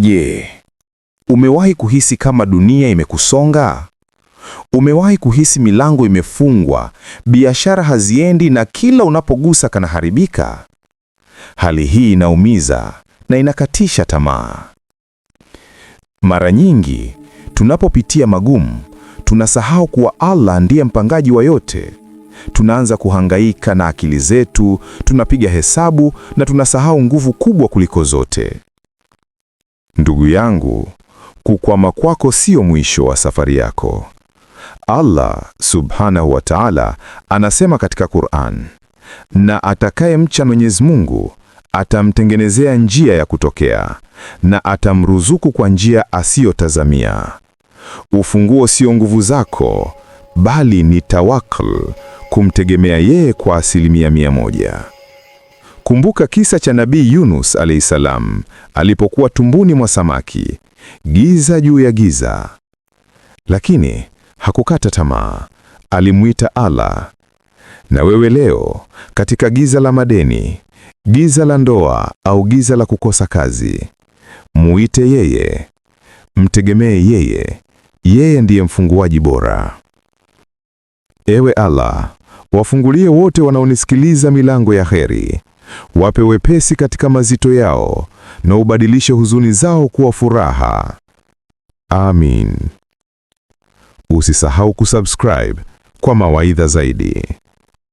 Je, yeah. Umewahi kuhisi kama dunia imekusonga? Umewahi kuhisi milango imefungwa, biashara haziendi na kila unapogusa kanaharibika? Hali hii inaumiza na inakatisha tamaa. Mara nyingi tunapopitia magumu, tunasahau kuwa Allah ndiye mpangaji wa yote. Tunaanza kuhangaika na akili zetu, tunapiga hesabu na tunasahau nguvu kubwa kuliko zote Ndugu yangu, kukwama kwako sio mwisho wa safari yako. Allah subhanahu wa taala anasema katika Quran, na atakayemcha Mwenyezi Mungu atamtengenezea njia ya kutokea na atamruzuku kwa njia asiyotazamia. Ufunguo sio nguvu zako, bali ni tawakal, kumtegemea yeye kwa asilimia mia moja. Kumbuka kisa cha Nabii Yunus alayhi salam alipokuwa tumbuni mwa samaki, giza juu ya giza. Lakini hakukata tamaa, alimwita Allah. Na wewe leo, katika giza la madeni, giza la ndoa au giza la kukosa kazi, muite yeye, mtegemee yeye. Yeye ndiye mfunguaji bora. Ewe Allah, wafungulie wote wanaonisikiliza milango ya heri wape wepesi katika mazito yao na ubadilishe huzuni zao kuwa furaha. Amin. Usisahau kusubscribe kwa mawaidha zaidi.